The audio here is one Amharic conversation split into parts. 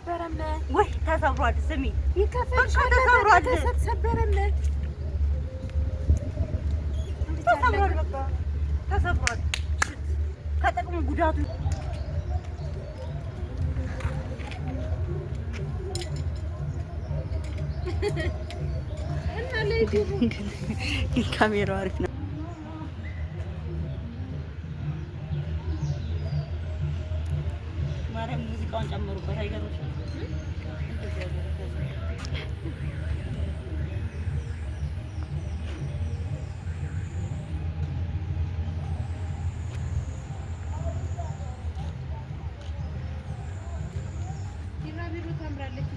አልተሰበረም ወይ? ተሰብሯል። ስሚ ይከፈልሻል። ተሰብሯል። ተሰበረም ተሰብሯል። ከጥቅሙ ጉዳቱ ካሜራው አሪፍ ነው። ጨዋን ጨምሩበት። አይገርምሽ? ቢራቢሮ ታምራለች።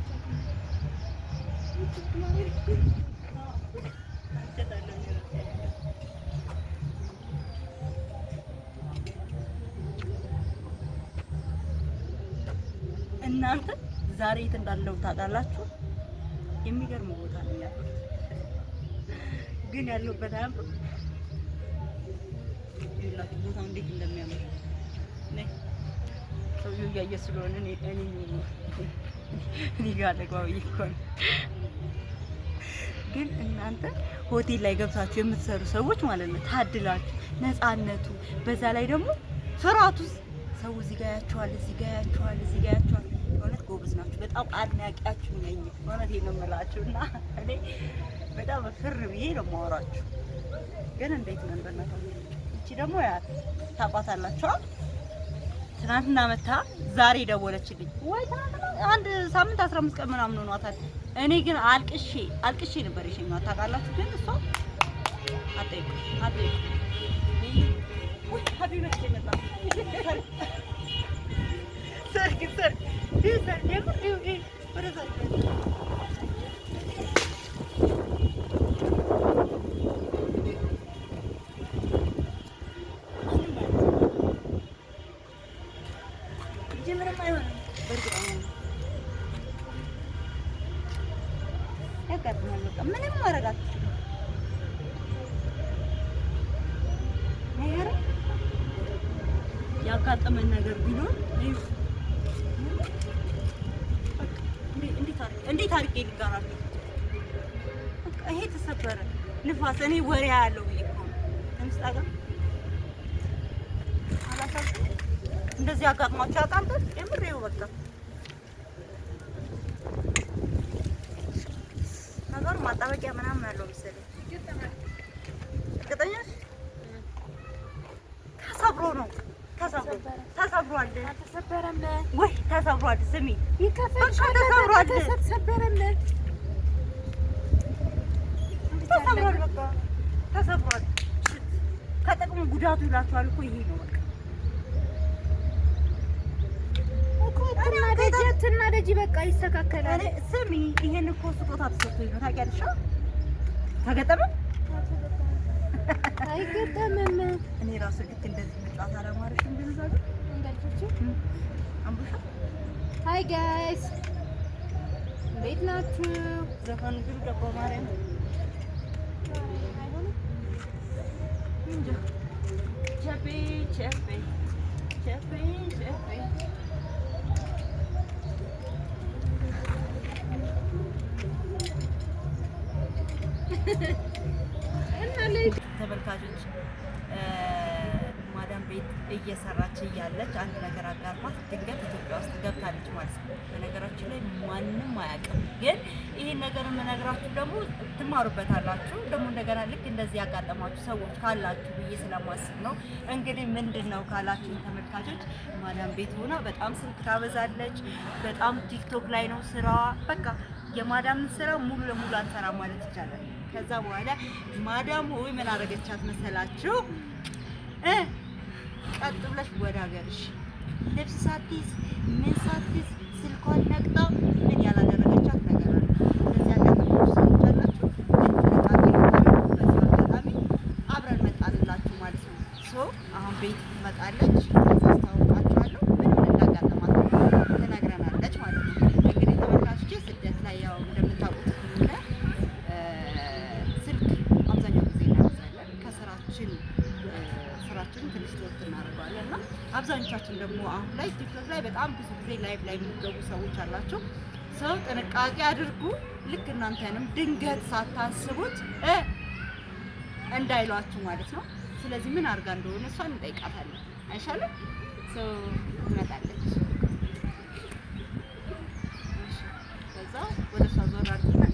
እናንተ ዛሬ የት እንዳለው ታውቃላችሁ? የሚገርም ቦታ ነው ያለው፣ ግን ያለሁበት አያምርም። ይላችሁ ቦታው እንዴት እንደሚያምር ነይ። ሰውዬው እያየ ስለሆነ እኔ እኔ እኔ ጋር ልግባው እኮ ግን እናንተ ሆቴል ላይ ገብታችሁ የምትሰሩ ሰዎች ማለት ነው ታድላችሁ። ነፃነቱ፣ በዛ ላይ ደግሞ ፍርሃቱስ ሰው እዚህ ጋር ያችኋል፣ እዚህ ጋር ያችኋል፣ እዚህ ጋር ያችኋል ጎበዝ ናችሁ። በጣም አድናቂያችሁ ነኝ። እውነቴን ነው የምላችሁ እና እኔ በጣም ፍር ብዬ ነው የማወራችሁ። ግን እንዴት ነን በእናታችሁ? እቺ ደግሞ ያት ታቋታላችሁ። ትናንትና መታ ዛሬ ደወለችልኝ። ወይ አንድ ሳምንት አስራ አምስት ቀን ምናምን ሆኗታል። እኔ ግን አልቅሼ አልቅሼ ነበር የሸኘኋት ታውቃላችሁ። ግን እሷ አጠይቁ አጠይቁ ወይ ሀቢበት ይመጣ ሰርግ ሰርግ ምንም ማድረግ ያጋጠመን ነገር ቢኖር እንዴት አድርጌ ልንገራችሁ? ይሄ ተሰበረ ንፋስ። እኔ ወሬ ያለው ብዬ እኮ ነው። እንደዚህ አጋጥሟቸው ያውቃል። የምር ይኸው በቃ ነገር ማጣበቂያ ምናምን ያለው መሰለኝ ተሰብሯል። አልተሰበረም ወይ? ተሰብሯል። ስሚ ይከፈልሻል። ተሰብሯል። ተሰበረም ተሰብሯል። ከጥቅሙ ጉዳቱ ይላችኋል እኮ ይሄ ነው በቃ እና ደጅ በቃ ይስተካከላል። ስሚ ይሄን እኮ ስጦታ ተሰጥቶኝ ነው ታውቂያለሽ። ተገጠመ አይገጠምም። እኔ ራሱ ልክ እንደዚህ መጫወት አለማረሽ እንደዛ ሀይ ጋይስ እንዴት ናችሁ? ዘፈኑ ግን ገባሁ ማርያም ተመልካቾች ማዳም ቤት እየሰራች እያለች አንድ ነገር አጋርማት ድንገት ኢትዮጵያ ውስጥ ገብታለች ማለት ነው። በነገራችን ላይ ማንም አያውቅም፣ ግን ይህን ነገር የምነግራችሁ ደግሞ ትማሩበታላችሁ። ደግሞ እንደገና ልክ እንደዚህ ያጋጠማችሁ ሰዎች ካላችሁ ብዬ ስለማስብ ነው። እንግዲህ ምንድን ነው ካላችሁ ተመልካቾች፣ ማዳም ቤት ሆና በጣም ስልክ ታበዛለች። በጣም ቲክቶክ ላይ ነው ስራዋ። በቃ የማዳምን ስራ ሙሉ ለሙሉ አልሰራ ማለት ይቻላል። ከዛ በኋላ ማዳም ወይ ምን አደረገቻት መሰላችሁ? ቀጥ ብለሽ ወደ ሀገርሽ ልብስ ሳትይዝ ምን ሳትይዝ ስልኳን ነቅጣ ምን ያላደረገቻት ነገር አለ። አብረን መጣልላችሁ ማለት ነው። አሁን ቤት ትመጣለች። አብዛኞቻችን ደግሞ አሁን ላይ ቲክቶክ ላይ በጣም ብዙ ጊዜ ላይቭ ላይ የሚገቡ ሰዎች አላቸው። ሰው ጥንቃቄ አድርጉ። ልክ እናንተንም ድንገት ሳታስቡት እንዳይሏችሁ ማለት ነው። ስለዚህ ምን አድርጋ እንደሆነ እሷን እንጠይቃታለን። አይሻልም? ሰው ትመጣለች። ከዛ ወደ እሷ ዞር አድርገን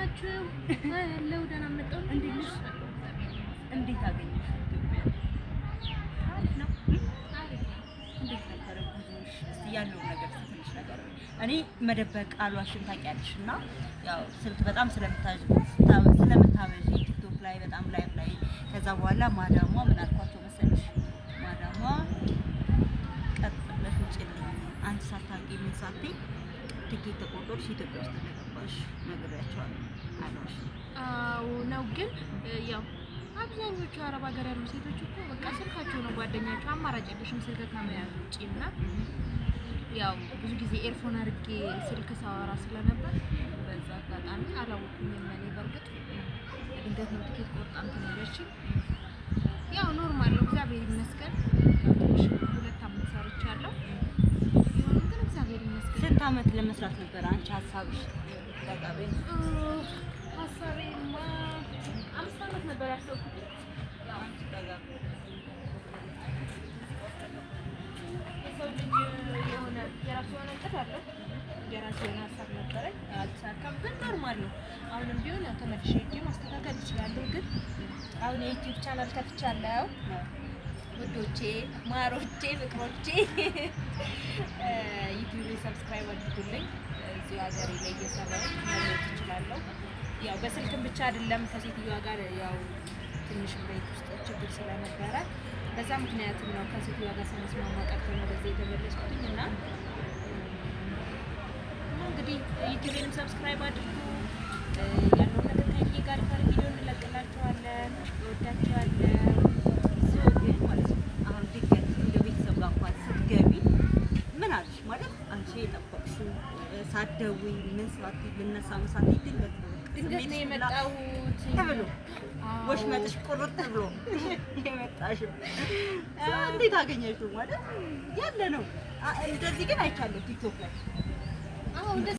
ናችሁ? ያለው ደህና መጣሁ። እንዴት ነሽ? እንዴት አገኘሽ? አሪፍ ነገር ትንሽ ነገር እኔ መደበቅ አሏሽን ታውቂያለሽ። እና ያው ስልክ በጣም ስለምታበዥ ቲክቶክ ላይ በጣም ላይቭ ላይ ከዛ በኋላ ማዳሟ ምን አልኳቸው መሰለሽ? ማዳሟ ቀጥ ብለሽ ውጭልኝ አንቺ ሳታውቂ ምን ሳትይ ትኬት ተቆጥሮ ኢትዮጵያ ውስጥ እንደገባሽ ነግሬያቸዋለሁ። አይኖሽ አዎ ነው። ግን ያው አብዛኞቹ አረብ ሀገር ያሉ ሴቶች እኮ በቃ ስልካቸው ነው ጓደኛቸው፣ አማራጭ የለሽም ስልክ ከመያዝ ውጪ እና ያው ብዙ ጊዜ ኤርፎን አድርጌ ስልክ ሳወራ ስለነበር በዛ አጋጣሚ አላወኩኝም። እኔ በእርግጥ ድንገት ነው ትኬት ቆርጣ እንትን ያለችኝ። ያው ኖርማል ነው፣ እግዚአብሔር ይመስገን። ሁለት አመት ሰርቻለሁ። ሁለት አመት ለመስራት ነበር። አንቺ ሀሳብሽ የራሴን ሀሳብ ነበረኝ አልተሳካም፣ ግን ኖርማል ነው። አሁንም ቢሆን ያው ተመልሼ ማስተካከል እችላለሁ። ግን አሁን የዩቲዩብ ቻናል ከፍቻለሁ ውዶቼ፣ ማሮቼ፣ ፍቅሮቼ ዩቲዩብ ሰብስክራይብ አድርጉልኝ። እዚሁ ሀገሬ ላይ እየሰራሁ ማግኘት እችላለሁ። ያው በስልክም ብቻ አይደለም ከሴትዮዋ ጋር ያው ትንሽ ቤት ውስጥ ችግር ስለነበረ በዛ ምክንያትም ነው ከሴትዮዋ ጋር ስንስማማ ቀርተን ነው በዚህ የተመለስኩኝ እና እንግዲህ ዩቲዩብንም ሰብስክራይብ አድርጉ። ያለውን ነገር ከዬ ጋር ፈር ቪዲዮ እንለቅላችኋለን። እወዳችኋለን። ሳትደውይ ምን ሳትይ ልነሳ ነው ሳትይ ድንገት ነው የመጣሁት ተብሎ ወሽመጥሽ ቁርጥ ብሎ የመጣሽው እንዴት አገኘሽው? ማለት ያለ ነው። እንደዚህ ግን አይቻለሁ ቲክቶክ ላይ